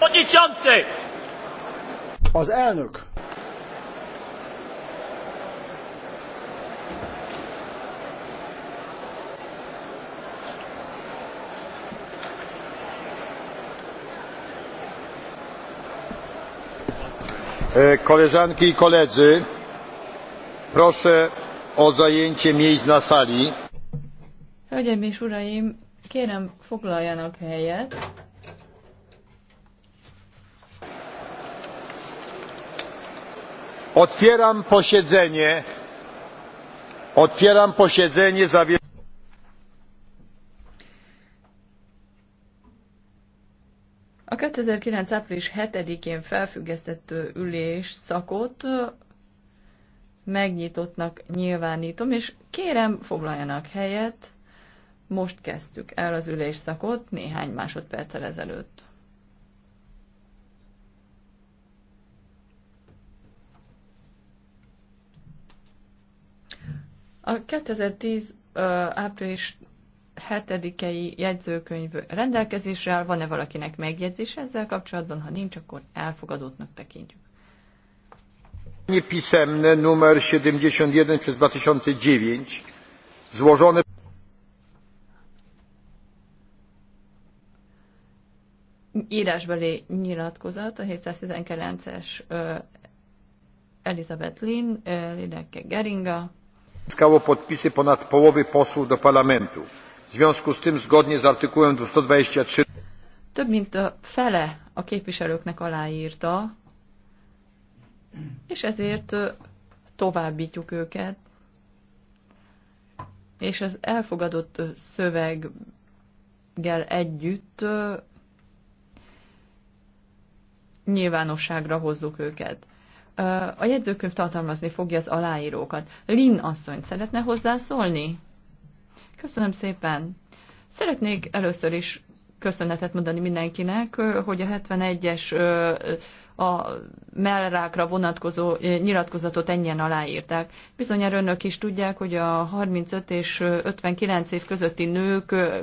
przewodniczący! Az elnök. E, koleżanki i koledzy, proszę o zajęcie miejsc na sali. Hölgyeim és uraim, kérem foglaljanak helyet. Otwieram posiedzenie. Otwieram posiedzenie A 2009. április 7-én felfüggesztett ülés szakot megnyitottnak nyilvánítom, és kérem foglaljanak helyet. Most kezdtük el az ülésszakot néhány másodperccel ezelőtt. A 2010 április 7-i jegyzőkönyv rendelkezésre áll. Van-e valakinek megjegyzés ezzel kapcsolatban? Ha nincs, akkor elfogadottnak tekintjük. pisemne numer 71 przez 2009 złożone írásbeli nyilatkozat a 719-es Elizabeth Lynn, Lideke Geringa, Uzyskało podpisy ponad połowy posłów do parlamentu. W związku z tym, zgodnie z artykułem 123... Több mint a fele a képviselőknek aláírta, és ezért továbbítjuk őket, és az elfogadott szöveggel együtt nyilvánosságra hozzuk őket a jegyzőkönyv tartalmazni fogja az aláírókat. Lin asszonyt szeretne hozzászólni? Köszönöm szépen. Szeretnék először is köszönetet mondani mindenkinek, hogy a 71-es a mellrákra vonatkozó nyilatkozatot ennyien aláírták. Bizonyára önök is tudják, hogy a 35 és 59 év közötti nők